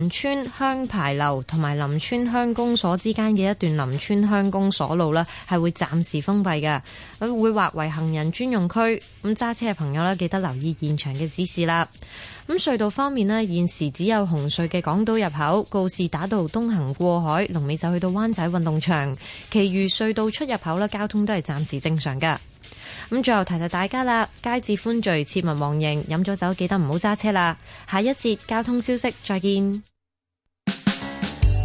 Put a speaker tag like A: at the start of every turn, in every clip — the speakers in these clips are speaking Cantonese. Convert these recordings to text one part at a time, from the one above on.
A: 林村鄉牌樓同埋林村鄉公所之間嘅一段林村鄉公所路呢，係會暫時封閉嘅。咁會劃為行人專用區。咁揸車嘅朋友呢，記得留意現場嘅指示啦。咁隧道方面呢，現時只有紅隧嘅港島入口告士打道東行過海，龍尾走去到灣仔運動場。其餘隧道出入口呢，交通都係暫時正常嘅。咁最後提提大家啦，佳節歡聚切勿忘形，飲咗酒記得唔好揸車啦。下一節交通消息再見。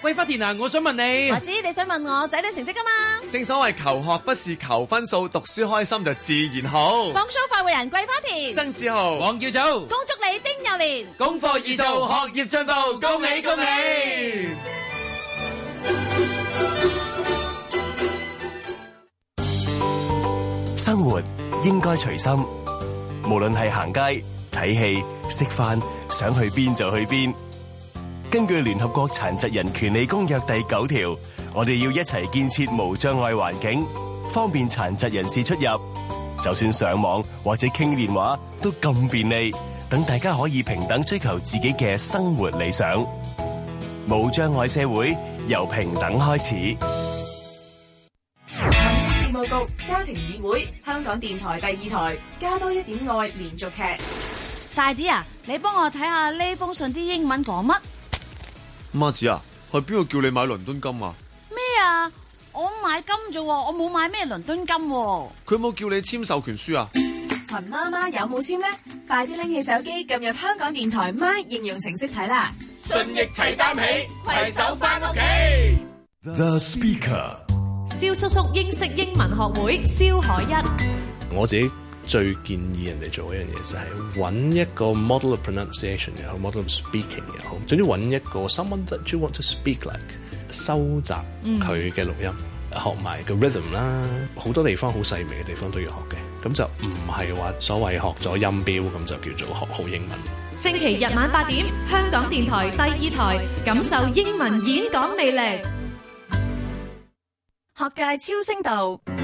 B: 貴花田啊，我想問你，我
A: 知你想問我仔女成績㗎嘛。
C: 正所謂求學不是求分數，讀書開心就自然好。
D: 放鬆快活人，貴花田，曾
A: 志豪，
C: 黃耀祖，
D: 恭祝你丁又年
C: 功課易做，學業
B: 進步，恭
C: 喜恭喜。生活應該隨心，無論係行街、睇戲、食飯，想去邊就去邊。根據聯合國殘疾人權利公約第九條，我哋要一齊建設無障礙環境，方便殘疾人士出入。就算上網或者傾電話都咁便利，等大家可以平等追求自己嘅生活理想。無障礙社會由平等開始。
E: 民政事務局家庭議會，香港電台第二台，加多一點愛連續
D: 劇。大姐啊，你幫我睇下呢封信啲英文講乜？
C: 媽子啊，係邊個叫你買倫敦金啊？
D: 咩啊？我買金啫，我冇買
E: 咩倫敦金啊。
C: 佢冇叫你簽授權書啊？
E: 陳媽媽有冇簽咧？快啲拎起手機撳入香港電台 My 應用程式睇啦！信義齊擔
B: 起，攜手翻屋企。
F: The speaker，
E: 蕭叔叔英式英文學會，蕭海一，
C: 我姐。最建議人哋做一樣嘢就係揾一個 model of pronunciation 又好，model of speaking 又好，總之揾一個 someone that you want to speak like，收集佢嘅錄音，學埋個 rhythm 啦，好多地方好細微嘅地方都要學嘅。咁就唔係話所謂學咗音標咁就叫做學好英文。
E: 星期日晚八點，香港電台第二台，感受英文演講魅力，學界超聲道。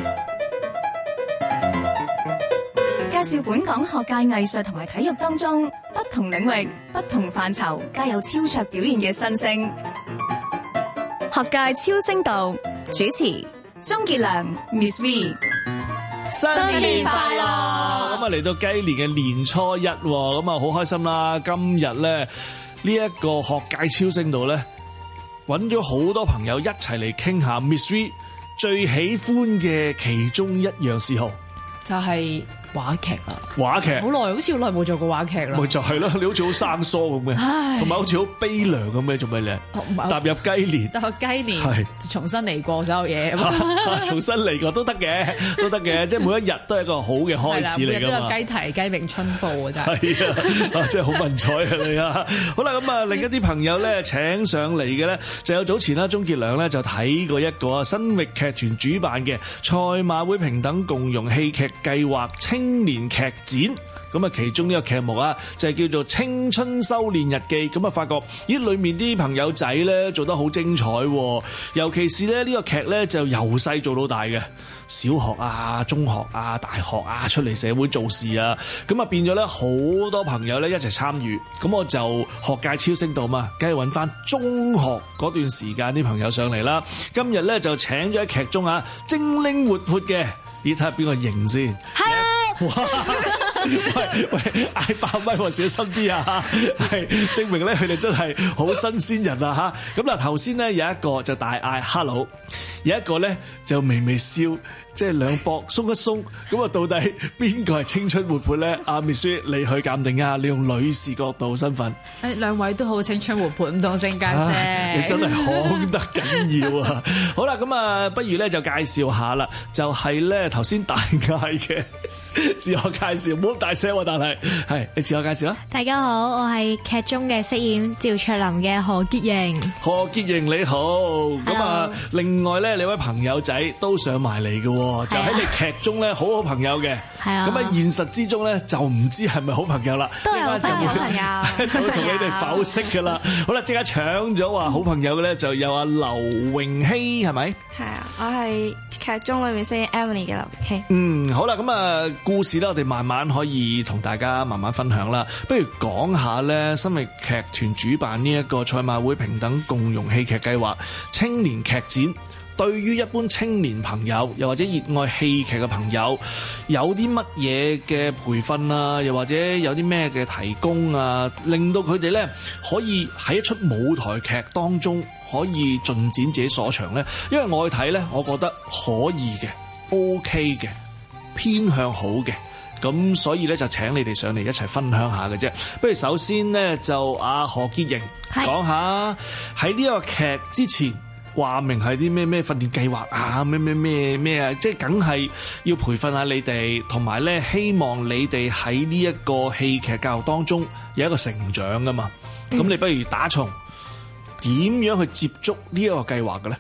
A: 介紹本港學界藝術同埋體育當中不同領域、不同範疇皆有超卓表現嘅新星。學界超星道主持鍾傑良
G: ，Ms V，新年快樂！咁
C: 啊，嚟到雞年嘅年初一，咁啊，好開心啦！今日咧呢一個學界超星道咧，揾咗好多朋友一齊嚟傾下 Ms V 最喜歡嘅其中一樣嗜好，
D: 就係。話劇啊，話劇好耐，好似好耐冇做過話劇啦。咪
C: 就係咯，你好似好生疏咁嘅，同埋好似好悲涼咁嘅，做咩咧？踏入雞年，
D: 踏入雞年，係重新嚟過所有嘢。重
C: 新嚟過都得嘅，都得嘅，即係每一日都係一個好嘅開始嚟噶嘛。日日都係雞
D: 啼雞鳴春報
C: 啊，真係好文采啊你啊！好啦，咁啊，另一啲朋友咧，請上嚟嘅咧，就有早前啦，鍾傑良咧就睇過一個新域劇團主辦嘅賽馬會平等共融戲劇計劃清青年劇展咁啊，其中一個劇目啊，就係叫做《青春修煉日記》。咁啊，發覺咦，裏面啲朋友仔咧做得好精彩，尤其是咧呢個劇咧就由細做到大嘅小學啊、中學啊、大學啊出嚟社會做事啊，咁啊變咗咧好多朋友咧一齊參與。咁我就學界超星度嘛，梗係揾翻中學嗰段時間啲朋友上嚟啦。今日咧就請咗喺劇中啊，精靈活潑嘅，你睇下邊個型先？係啊。哇，喂喂，嗌爆咪喎小心啲啊！係證明咧，佢哋真係好新鮮人啊！吓咁嗱，頭先咧有一個就大嗌 Hello，有一個咧就微微笑，即係兩膊鬆一鬆。咁啊，到底邊個係青春活潑咧？阿 Miss V, 你去鑒定一下，你用女士角度身份。
D: 誒、哎，兩位都好青春活潑，唔同性格。你真係 好
C: 得緊要啊！好啦，咁啊，不如咧就介紹下啦，就係咧頭先大嗌嘅。自我介紹，唔好咁大聲，但係係你自我介紹啦。
A: 大家好，我係劇中嘅飾演趙卓林嘅何潔瑩。
C: 何潔瑩你好，咁啊，另外咧，兩位朋友仔都上埋嚟嘅，就喺你劇中咧好好朋友嘅，係啊。咁啊，現實之中咧就唔知係咪好朋友啦，
E: 都係好朋友，
C: 就會同你哋剖析噶啦。 好啦，即刻搶咗話好朋友嘅咧，就有阿劉泳希係咪？係啊，
E: 我係劇中裏面飾演 Emily 嘅劉泳
C: 希。嗯，好啦，咁啊。故事咧，我哋慢慢可以同大家慢慢分享啦。不如講下咧，新力劇團主辦呢一個賽馬會平等共融戲劇計劃青年劇展，對於一般青年朋友又或者熱愛戲劇嘅朋友，有啲乜嘢嘅培訓啊，又或者有啲咩嘅提供啊，令到佢哋咧可以喺一出舞台劇當中可以盡展自己所長呢？因為我去睇咧，我覺得可以嘅，OK 嘅。偏向好嘅，咁所以咧就請你哋上嚟一齊分享下嘅啫。不如首先咧就阿何潔瑩講下喺呢一個劇之前，話明係啲咩咩訓練計劃啊，咩咩咩咩啊，即係梗係要培訓下你哋，同埋咧希望你哋喺呢一個戲劇教育當中有一個成長噶嘛。咁、嗯、你不如打從點樣去接觸呢一個計劃嘅咧？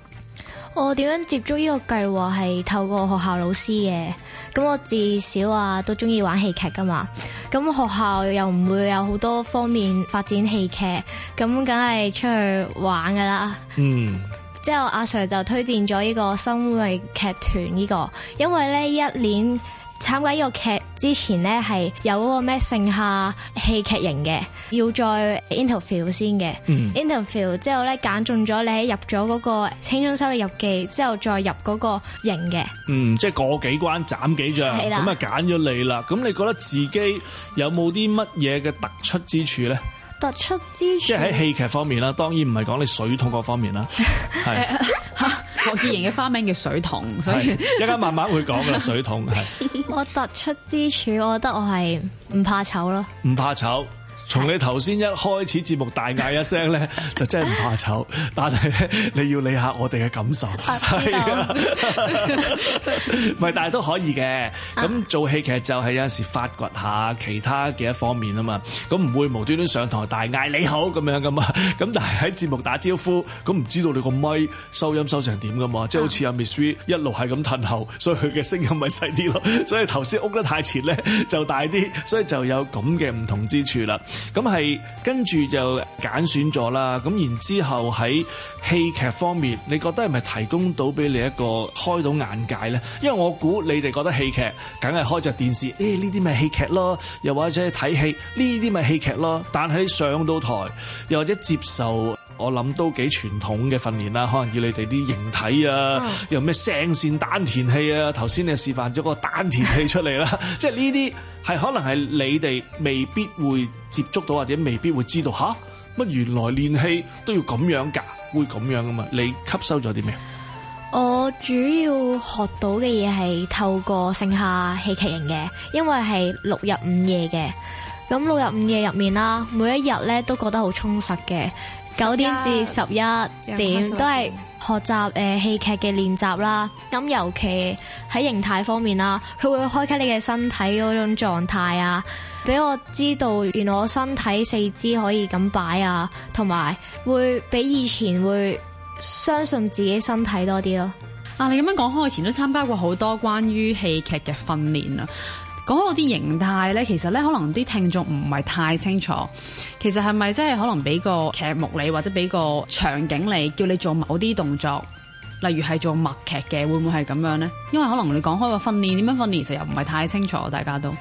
A: 我點樣接觸呢個計劃係透過學校老師嘅，咁我至少啊都中意玩戲劇噶嘛，咁學校又唔會有好多方面發展戲劇，咁梗係出去玩噶啦。嗯，之後阿、啊、Sir 就推薦咗呢個新會劇團呢個，因為呢一年。參加呢個劇之前咧，係有嗰個咩盛夏戲劇型嘅，要再 interview 先嘅。嗯、interview 之後咧，揀中咗你喺入咗嗰個青春修麗入記，之後再入嗰個型嘅。嗯，
C: 即係過幾關斬幾將，咁啊揀咗你啦。咁你覺得自己有冇啲乜嘢嘅突出之處咧？突出之處即係喺戲劇方面啦，當然唔係講你水桶嗰方面啦。係
D: 是。 何潔瑩嘅花名叫水桶，所以一陣間慢
C: 慢會講啦。 水桶係
D: 我突出之處，我覺得我係唔怕醜咯，
C: 唔怕醜。從你頭先一開始，節目大嗌一聲咧， 就真係唔怕醜。 但係你要理下我哋嘅感受，係啊，唔係 但係都可以嘅。咁做戲劇就係有陣時發掘下其他嘅一方面啊嘛。咁唔會無端端上台大嗌，你好咁樣噶嘛。咁但係喺節目打招呼，咁唔知道你個麥收音收成點噶嘛？即係好似阿 Ms V 一路係咁褪後，所以佢嘅聲音咪細啲咯。所以頭先屋得太前咧就大啲，所以就有咁嘅唔同之處啦。咁係跟住就揀選咗啦，咁然之後喺戲劇方面，你覺得係咪提供到俾你一個開到眼界呢？因為我估你哋覺得戲劇梗係開著電視，誒呢啲咪戲劇咯，又或者睇戲呢啲咪戲劇咯，但係你上到台又或者接受。我諗都幾傳統嘅訓練啦，可能要你哋啲形體啊，又咩聲線、丹田氣啊。頭先你示範咗個丹田氣出嚟啦。 即係呢啲係可能係你哋未必會接觸到，或者未必會知道吓乜原來練氣都要咁樣噶，會咁樣噶嘛？你吸收咗啲咩？
A: 我主要學到嘅嘢係透過盛夏戲劇營嘅，因為係六日五夜嘅。咁六日五夜入面啦，每一日咧，都覺得好充實嘅。九點至十一點都係學習誒戲劇嘅練習啦。咁尤其喺形態方面啦，佢會開啓你嘅身體嗰種狀態啊，俾我知道原來我身體四肢可以咁擺啊，同埋會比以前
D: 會相信自己身體多啲咯。啊，你咁樣講開，我以前都參加過好多關於戲劇嘅訓練啊。講開啲形態呢，其實呢，可能啲聽眾唔係太清楚。其實係咪真係可能俾個劇目你，或者俾個場景你，叫你做某啲動作，例如係做默劇嘅，會唔會係咁樣呢？因為可能你講開個訓練，點樣訓練，其實又唔係太清楚，大家都。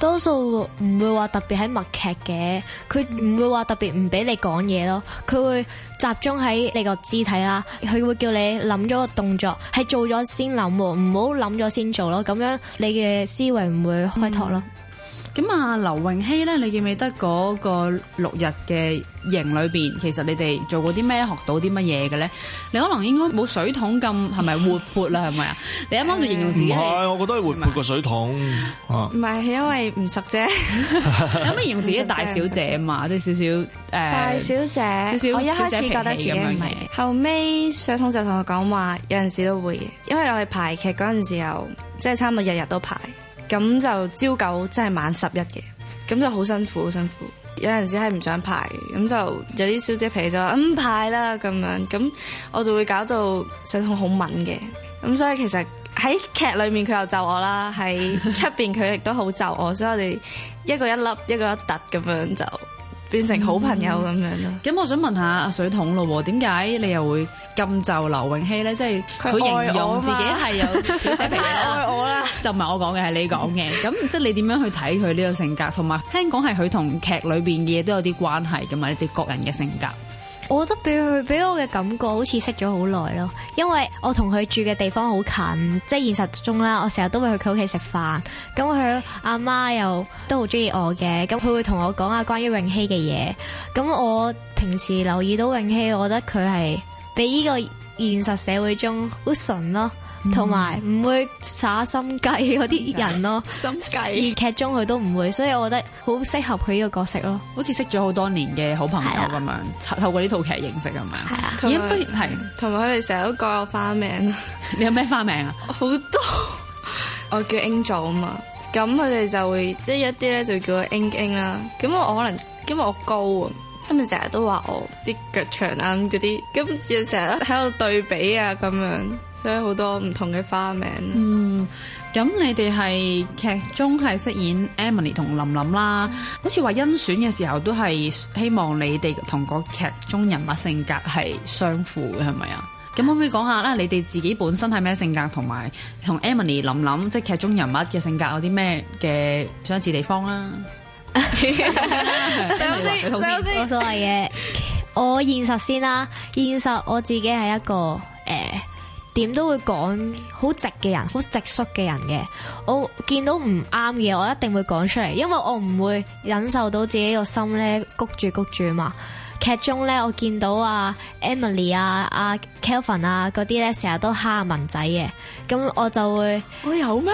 A: 多數唔會話特別喺默劇嘅，佢唔會話特別唔俾你講嘢咯，佢會集中喺你個肢體啦，佢會叫你諗咗個動作，係做咗先諗，唔好諗咗先做咯，咁樣你嘅思維唔會開拓咯。嗯
D: 咁啊，劉泳希咧，你記唔記得嗰個六日嘅營裏邊，其實你哋做過啲咩，學到啲乜嘢嘅咧？你可能應該冇水桶咁，係咪活潑啦？係咪啊？你啱啱就形容自己
C: 係，我覺得係活潑過水桶。
D: 唔係，係因為唔熟啫。
C: 有咩形
D: 容自己大小姐嘛？即係少少誒，大小姐，少少，我一開始覺得自己唔係，
E: 後尾水桶就同我講話，有陣時都會因為我哋排劇嗰陣時候，即係差唔多日日都排。咁就朝九真係晚十一嘅，咁就好辛苦，好辛苦。有陣時係唔想排，咁就有啲小姐脾就唔排啦咁樣，咁我就會搞到上胸好敏嘅。咁所以其實喺劇裏面佢又咒我啦，喺出邊佢亦都好咒我，所以我哋一個一粒，一個一突咁樣就。變成好朋友咁樣咯，咁、嗯、我想問下阿水桶咯，點解
D: 你又會咁就劉泳希咧？即係佢形容自己係有小姐脾氣啦，太愛我啦，就唔係我講嘅，係你講嘅。咁即係你點樣去睇佢呢個性格？同埋聽講係佢同劇裏邊嘅嘢都有啲關係嘅嘛？啲各人嘅性格。
A: 我覺得俾佢俾我嘅感覺好似識咗好耐咯，因為我同佢住嘅地方好近，即係現實中啦。我成日都會去佢屋企食飯，咁佢阿媽又都好中意我嘅，咁佢會同我講下關於泳希嘅嘢。咁我平時留意到泳希，我覺得佢係比依個現實社會中好純咯。同埋唔會耍心計嗰啲人咯，心計。而劇中佢都唔會，所以我覺得好適合佢
D: 呢個角色咯。好似識咗好多年嘅好朋友咁樣，啊、透過呢套劇認識係咪？係啊，
E: 係有，同埋佢哋成日都改我花名。 你有咩花名啊？ 好多， 我叫 Angel 啊嘛。咁佢哋就會即係一啲咧就叫佢 Ang Ang 啦。咁我可能因為我高啊。今日成日都話我啲腳長啊，嗰啲，咁又成日喺度對比啊，咁樣，所以好多唔同嘅花名。
B: 嗯，
E: 咁你哋係劇中係飾演 Emily 同琳琳啦，好似
D: 話甄選嘅時候都係希望你哋同個劇中人物性格係相符嘅，係咪啊？咁可唔可以講下啦？你哋自己本身係咩性格，同埋同 Emily 琳琳，即係劇中人物嘅性格有啲咩嘅相似地方啦？
G: 等我先，等我
A: 先，冇所謂嘅。我現實先啦，現實我自己係一個誒，點、呃、都會講好直嘅人，好直率嘅人嘅。我見到唔啱嘅，我一定會講出嚟，因為我唔會忍受到自己個心咧谷住谷住啊嘛。劇中咧，我見到啊 Emily 啊、 啊 Kelvin 啊嗰啲咧，成日都蝦文仔嘅，咁我就會我有咩？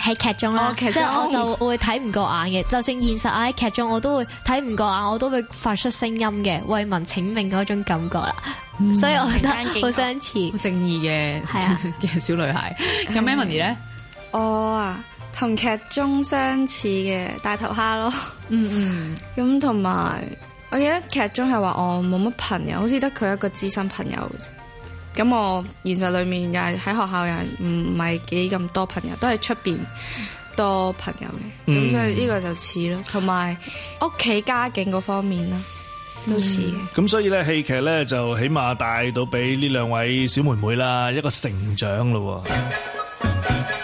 A: 喺劇中咧，哦、中即係我就會睇唔過眼嘅，嗯、就算現實喺劇、啊、中，我都會睇唔過眼，我都會發出聲音嘅，為民請命嗰種感覺啦。嗯、
D: 所以我覺得好相似，好正義嘅嘅小，啊、小，小女孩。咁 Emily 咧，問題
E: 呢，我啊同劇中相似嘅大頭蝦咯。嗯
G: 嗯。
E: 咁同埋，我記得劇中係話我冇乜朋友，好似得佢一個知心朋友。咁我現實裏面又係喺學校又係唔係幾咁多朋友，都係出邊多朋友嘅，咁、嗯、所以呢個就似咯，同埋屋企家境嗰方面啦，都似。
C: 咁所以咧，戲劇咧就起碼帶到俾呢兩位小妹妹啦，一個成長咯。嗯嗯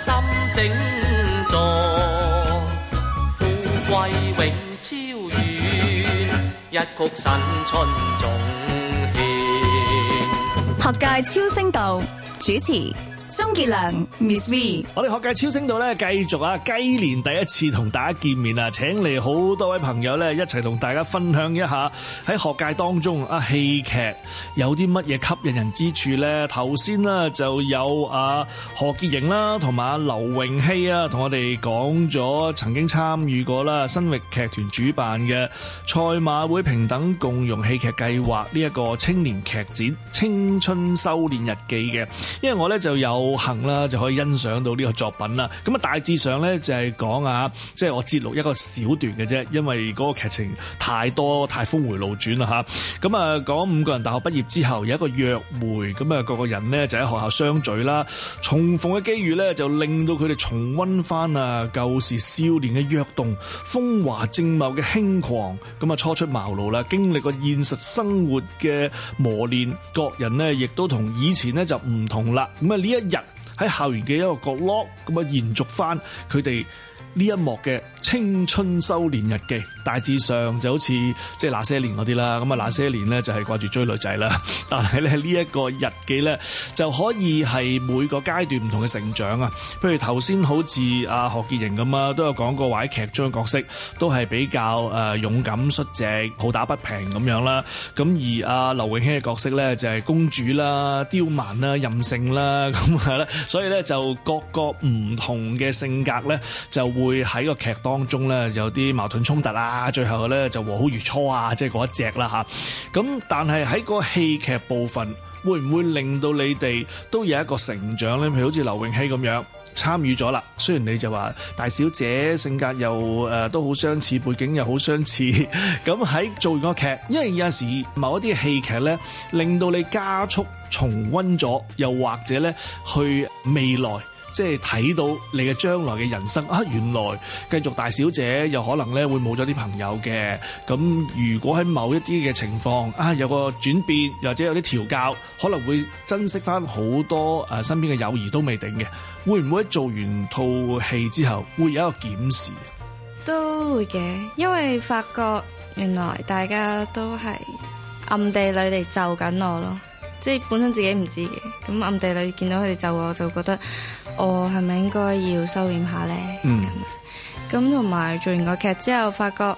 B: 心整座，富貴永超遠，一曲新春總獻。
A: 學界超聲道主持。鐘杰良
C: Miss V 我哋學界超聲度咧，繼續啊雞年第一次同大家見面啊，請嚟好多位朋友咧一齊同大家分享一下喺學界當中啊戲劇有啲乜嘢吸引人之處咧？頭先啦就有啊何潔瑩啦，同埋阿劉泳希啊，同、啊啊、我哋講咗曾經參與過啦新域劇團主辦嘅賽馬會平等共融戲劇計劃呢一個青年劇展《青春修煉日記》嘅，因為我咧就有。有幸啦，就可以欣賞到呢個作品啦。咁啊，大致上呢，就係講啊，即係我節錄一個小段嘅啫，因為嗰個劇情太多太峰回路轉啦吓，咁啊，講五個人大學畢業之後有一個約會，咁啊各個人呢，就喺學校相聚啦，重逢嘅機遇呢，就令到佢哋重溫翻啊舊時少年嘅躍動，風華正茂嘅輕狂。咁啊，初出茅廬啦，經歷過現實生活嘅磨練，各人呢，亦都同以前呢，就唔同啦。咁啊呢一喺校園嘅一個角落，咁啊延續翻佢哋呢一幕嘅。青春修煉日記大致上就好似即係那些年啲啦。咁啊，那些年咧就係掛住追女仔啦。但係咧呢一、這個日記咧就可以係每個階段唔同嘅成長啊。譬如頭先好似阿、啊、何潔瑩咁啊，都有講過話喺劇中嘅角色都係比較誒、呃、勇敢率直、好打不平咁樣啦。咁而阿、啊、劉泳希嘅角色咧就係、是、公主啦、刁蠻啦、任性啦，咁係啦。所以咧就各個唔同嘅性格咧就會喺個劇當中咧有啲矛盾衝突啊。最後咧就和好如初啊，即係嗰一隻啦吓。咁但係喺個戲劇部分，會唔會令到你哋都有一個成長咧？譬如好似劉泳希咁樣參與咗啦。雖然你就話大小姐性格又誒、呃、都好相似，背景又好相似。咁 喺做完個劇，因為有陣時某一啲戲劇咧，令到你加速重溫咗，又或者咧去未來。即係睇到你嘅將來嘅人生啊，原來繼續大小姐，有可能咧會冇咗啲朋友嘅。咁如果喺某一啲嘅情況啊，有個轉變，或者有啲調教，可能會珍惜翻好多誒身邊嘅友誼都未定嘅。會唔會做完套戲之後會有一個檢視？
E: 都會嘅，因為發覺原來大家都係暗地裏嚟就緊我咯。即係本身自己唔知嘅，咁暗地裏見到佢哋走，我就覺得我係咪應該要收斂下呢？嗯，咁，同埋做完個劇之後，發覺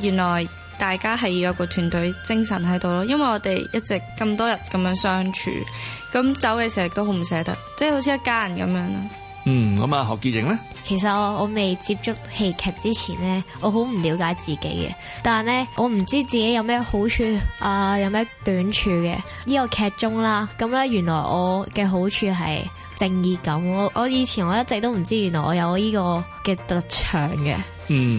E: 原來大家係要有個團隊精神喺度咯，因為我哋一直咁多日咁樣相處，咁走嘅時候都好唔捨得，即係好似一家人咁樣啦。
C: 嗯，咁啊，何潔瑩咧？
E: 其實我未接觸戲劇之前咧，我好唔了解
A: 自己嘅，但係咧我唔知自己有咩好處啊，有咩短處嘅。呢、這個劇中啦，咁咧原來我嘅好處係。正義感，我我以前我一直都唔知，原來我有依個嘅特長嘅，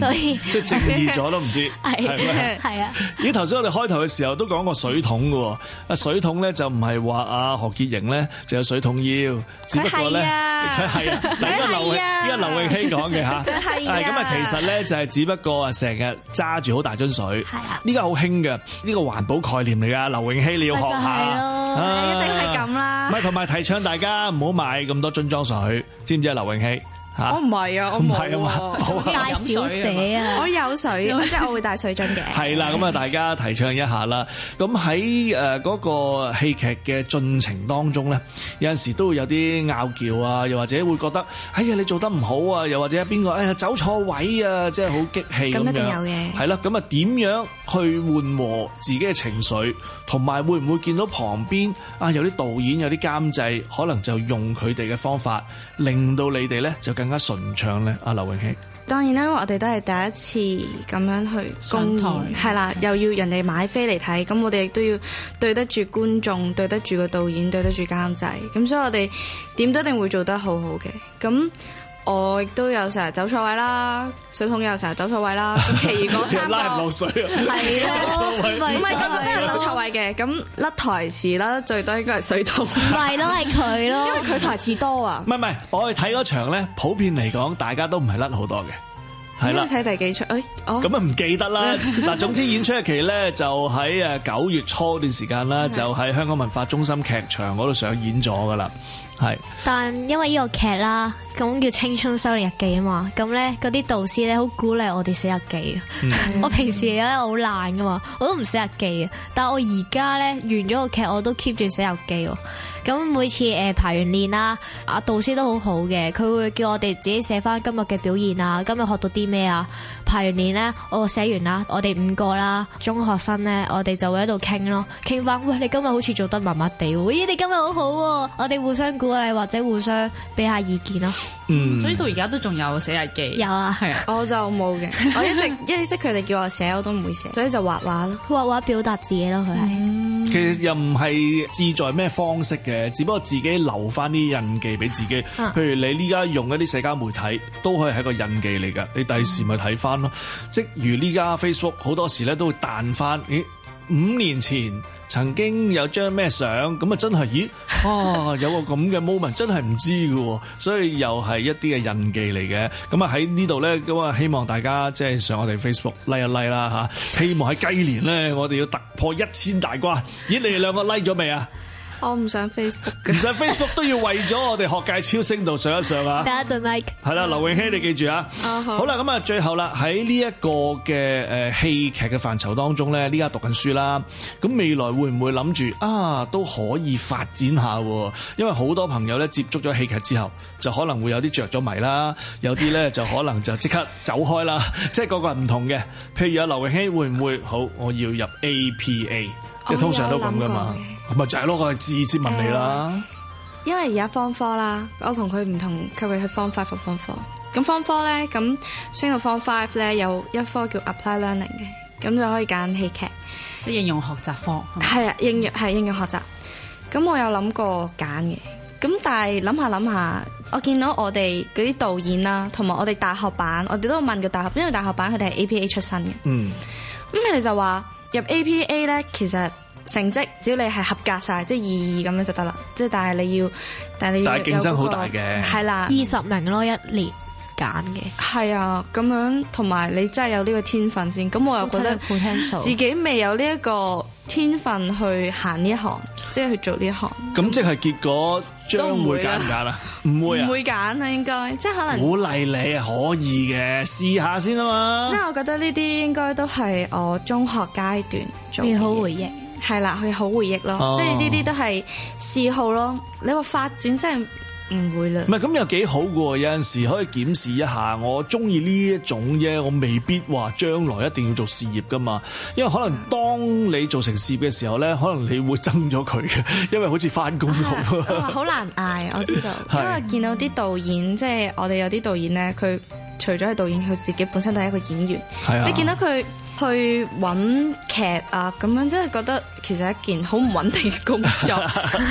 C: 所以即係正義咗都唔知，係係啊！咦，頭先我哋開頭嘅時候都講過水桶嘅喎，啊水桶咧就唔係話啊何潔瑩咧就有水桶腰，只不過咧佢係啊，佢係啊，依家劉依家劉泳希講嘅吓，係啊，咁啊其實咧就係只不過啊成日揸住好大樽水，係啊，依家好興嘅呢個環保概念嚟噶，劉泳希你要學下，咪就係咯，一定係咁啦，咪同埋提倡大家唔好買。帶咁多樽裝水，知唔知啊？劉泳希。我
E: 唔係啊，我唔係啊，我帶小姐啊，我有水，即係我會帶水樽嘅。
C: 係啦，咁啊，大家提倡一下啦。咁喺誒嗰個戲劇嘅進程當中咧，有陣時都會有啲拗撬啊，又或者會覺得，哎呀，你做得唔好啊，又或者邊個，哎呀，走錯位啊，即係好激氣咁樣。咁一定有嘅。係啦，咁啊，點樣去緩和自己嘅情緒，同埋會唔會見到旁邊啊有啲導演、有啲監製，可能就用佢哋嘅方法，令到你哋咧就。更加順暢咧，阿劉泳希
E: 當然啦，因為我哋都係第一次咁樣去公演，係啦台，了又要人哋買飛嚟睇，咁我哋亦都要對得住觀眾，對,對得住個導演，對得住監製，咁所以我哋點都一定會做得好好嘅，咁。我亦都有成日走錯位啦，水桶有成日走錯位啦。其餘
D: 三 拉
C: 唔落水啊！係啊了，唔係有啲人走錯
E: 位嘅，咁甩台詞啦，最多應該係水桶。唔係咯，係佢咯，因為佢台詞多啊。
C: 唔係唔係，我哋睇嗰場咧，普遍嚟講，大家都唔係甩好多嘅。係啦，
F: 睇第幾出？誒，我咁啊唔記得啦。
C: 嗱，總之演出日期咧就喺誒九月初段時間啦，就喺香港文化中心劇場嗰度上演咗噶啦。係，
A: 但因為呢個劇啦，咁叫青春修煉日記啊嘛，咁咧嗰啲導師咧好鼓勵我哋寫日記。是的 我平時咧我好懶噶嘛，我都唔寫日記啊，但係我而家咧完咗個劇我都 keep 住寫日記喎。咁每次誒排完練啦，阿導師都好好嘅，佢會叫我哋自己寫返今日嘅表現啊，今日學到啲咩啊？排完年咧，我寫完啦。我哋五個啦，中學生咧，我哋就會喺度傾咯，傾翻。喂，你今日好似做得麻麻地，咦？你今日好好。我哋互相鼓勵或者互相俾下意見咯。嗯，
D: 所以到而家都仲有寫日記。有
E: 啊，係啊。我就冇嘅，我一直一直佢哋叫我寫，我都唔會寫，所以就畫畫咯，畫畫表達自己咯，佢係。
C: 其實又唔係志在咩方式嘅，只不過自己留翻啲印記俾自己。譬如你呢家用一啲社交媒體，都可以係個印記嚟噶。你第時咪睇翻。即如呢家 Facebook 好多時咧都會彈翻，咦？五年前曾經有張咩相咁啊？真係咦？啊，有個咁嘅 moment 真係唔知噶，所以又係一啲嘅印記嚟嘅。咁啊喺呢度咧咁啊，希望大家即係上我哋 Facebook 拉一拉啦吓，希望喺雞年咧我哋要突破一千大關。咦？你哋兩個拉咗未啊？
E: 我唔上 Facebook，唔上 Facebook
C: 都要為咗我哋學界超星度上一上啊！等一
E: 陣 like。
C: 係啦，劉泳希你記住啊！嗯、好啦，咁啊最後啦，喺呢一個嘅誒戲劇嘅範疇當中咧，呢家讀緊書啦，咁未來會唔會諗住啊都可以發展下？因為好多朋友咧接觸咗戲劇之後，就可能會有啲着咗迷啦，有啲咧就可能就即刻走開啦， 即係個個唔同嘅。譬如啊，劉泳希會唔會好？我要入 APA，即係通常都咁噶嘛。咁咪就係攞個字接問你啦。
E: 因為而家方科啦，我同佢唔同，佢會去方 five 方科。咁方科咧，咁升到方 five 咧，有一科叫 apply learning 嘅，咁就可以揀戲劇。即係應用學習科係啊，應用係應用學習。咁我有諗過揀嘅，咁但係諗下諗下，我見到我哋嗰啲導演啦，同埋我哋大學版，我哋都有問過大學，因為大學版佢哋係 APA 出身嘅。嗯。咁佢哋就話入 APA 咧，其實。成績只要你係合格晒，即係二二咁樣就得啦。即係但係你要，但係競爭好大嘅、那個。係啦了，二十名咯，一年揀嘅。係啊，咁樣同埋你真係有呢個天分先。咁我又覺得自己未有呢一個天分去行呢一行，即、就、係、是、去做呢一行。
C: 咁即係結果將會揀唔揀啦？唔會，會啊？唔會
E: 揀啊？應該，應該即係可能。鼓勵你
C: 可以嘅，試下先啊嘛。因為我
E: 覺得呢啲應該都係我中學階段最好回憶。係啦，佢好回憶咯，即係呢啲都係嗜好咯。你話發展真係唔會啦。唔係
C: 咁又幾好噶，有陣時可以檢視一下，我中意呢一種嘢，我未必話將來一定要做事業噶嘛。因為可能當你做成事業嘅時候咧，可能你會憎咗佢嘅，因為好似翻工咁啊。好
E: 難挨，我知道。 是的 因為見到啲導演，即係我哋有啲導演咧，佢除咗係導演，佢自己本身都係一個演員。係啊，即係見到佢。去揾劇啊，咁樣即係覺得其實一件好唔穩定嘅工
G: 作，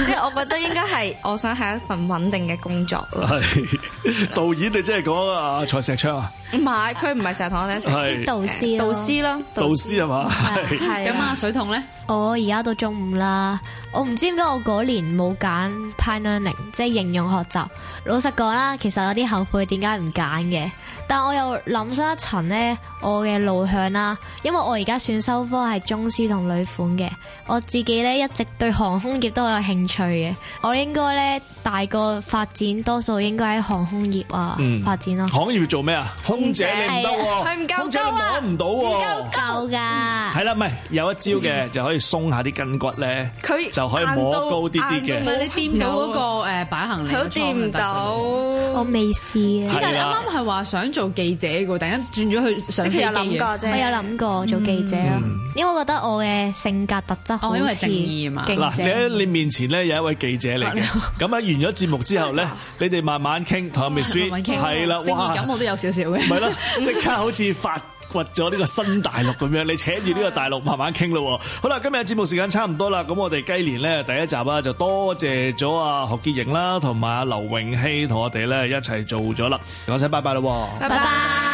G: 即係 我
E: 覺得應該係我想係一份穩定嘅工作咯。係
C: 導演你即係講啊蔡錫昌啊？
E: 唔係，佢唔係成日同我哋一齊，係是導,導師，導師咯。
C: 導師係嘛？係
G: 是。咁
E: 啊，水桶咧？我而家都中午啦。我唔
A: 知點解我嗰年冇揀 pioneering，即係應用學習。老實講啦，其實有啲後悔點解唔揀嘅。但我又諗深一層咧，我嘅路向啦，因為我而家選修科係中師同女款嘅。我自己咧一直對航空業都好有興趣嘅。我應該咧大個發展，多數應該喺航空業啊發展咯、嗯。航
C: 空業做咩啊？空姐你唔得、啊，對夠啊、空姐你攞唔到、啊，唔
D: 夠噶。
C: 係啦， 唔係有一招嘅就可以鬆下啲筋骨咧。佢。又可以摸高啲啲嘅，唔係
D: 你掂到嗰個誒擺行李，都掂唔到，我未試啊！即係你啱啱係話想做記者，個突然間轉咗去想做記者，我有諗過做記者咯，因為我覺得我嘅性格特質我
A: 因為勁正。嗱，你喺
C: 你面前咧有一位記者嚟嘅，咁喺完咗節目之後咧，你哋慢慢傾，同阿 Ms V，係啦，哇！正義感我
D: 都有少少嘅，唔係咯，
C: 即刻好似發。掘咗呢個新大陸咁樣，你扯住呢個大陸慢慢傾咯。好啦，今日節目時間差唔多啦，咁我哋雞年咧第一集啊，就多謝咗啊何潔瑩啦，同埋啊劉泳希同我哋咧一齊做咗啦，講聲拜拜啦，拜
G: 拜。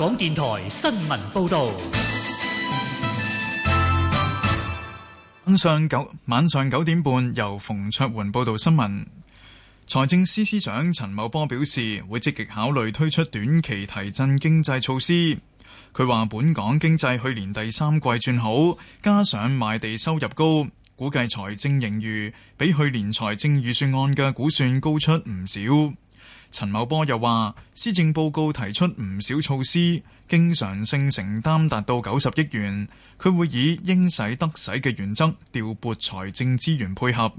B: 港電台新聞報道，
F: 晚上九晚上九點半由馮卓桓報道新聞。財政司司長陳茂波表示，會積極考慮推出短期提振經濟措施。佢話：本港經濟去年第三季轉好，加上賣地收入高，估計財政盈餘比去年財政預算案嘅估算高出唔少。陳茂波又話，施政報告提出唔少措施，經常性承擔達到九十億元，佢會以應使得使嘅原則調撥財政資源配合。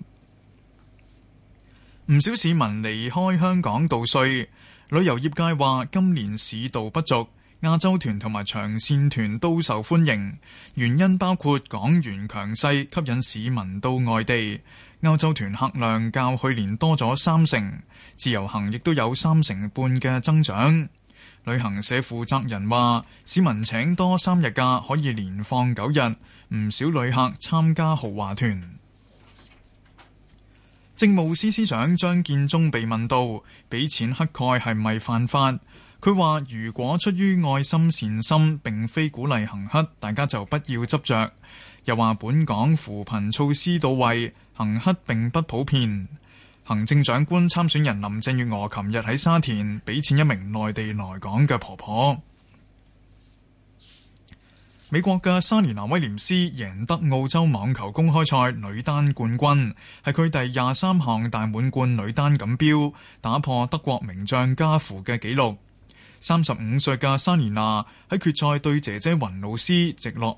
F: 唔 少市民離開香港度歲，旅遊業界話今年市道不俗，亞洲團同埋長線團都受歡迎，原因包括港元強勢吸引市民到外地。歐洲團客量較去年多咗三成，自由行亦都有三成半嘅增長。旅行社負責人話：市民請多三日假可以連放九日，唔少旅客參加豪華團。政務司司長張建宗被問到俾錢乞丐係咪犯法，佢話如果出於愛心善心，並非鼓勵行乞，大家就不要執着。又話本港扶貧措施到位。行乞並不普遍。行政長官參選人林鄭月娥琴日喺沙田俾錢一名內地來港嘅婆婆。美國嘅莎蓮娜威廉斯贏得澳洲網球公開賽女單冠軍，係佢第廿三項大滿貫女單錦標，打破德國名將加夫嘅紀錄。三十五歲嘅莎蓮娜喺決賽對姐姐云老師直落兩。